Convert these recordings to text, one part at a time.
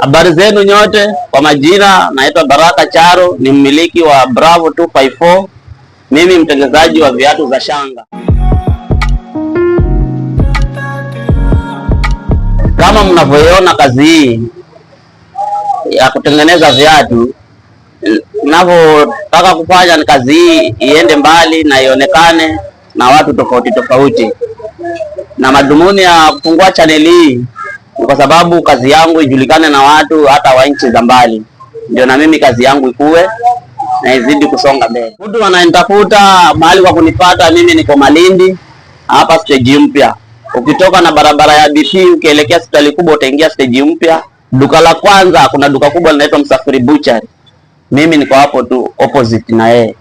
Habari zenu nyote, kwa majina naitwa Baraka Charo, ni mmiliki wa Bravo 254. Mimi mtengenezaji wa viatu za shanga. Kama mnavyoiona kazi hii ya kutengeneza viatu, ninavyotaka kufanya ni kazi hii iende mbali na ionekane na watu tofauti tofauti, na madhumuni ya kufungua chaneli hii kwa sababu kazi yangu ijulikane na watu hata wa nchi za mbali, ndio na mimi kazi yangu ikuwe na izidi kusonga mbele. Mtu anayenitafuta mahali kwa kunipata mimi, niko Malindi hapa steji mpya. Ukitoka na barabara ya BT ukielekea hospitali kubwa, utaingia steji mpya, duka la kwanza. Kuna duka kubwa linaitwa Msafiri Butchery, mimi niko hapo tu opposite na yeye.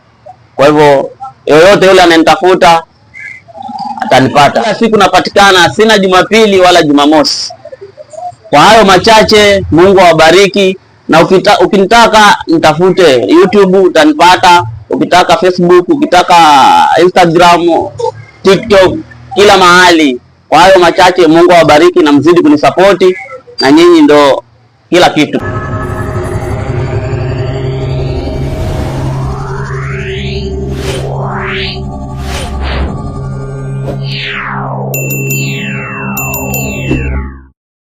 Kwa hivyo yoyote yule anayenitafuta atanipata. Kila siku napatikana, sina Jumapili wala Jumamosi. Kwa hayo machache, Mungu awabariki, na ukita, ukinitaka nitafute YouTube utanipata, ukitaka Facebook, ukitaka Instagram, TikTok, kila mahali. Kwa hayo machache, Mungu awabariki na mzidi kunisapoti, na nyinyi ndo kila kitu.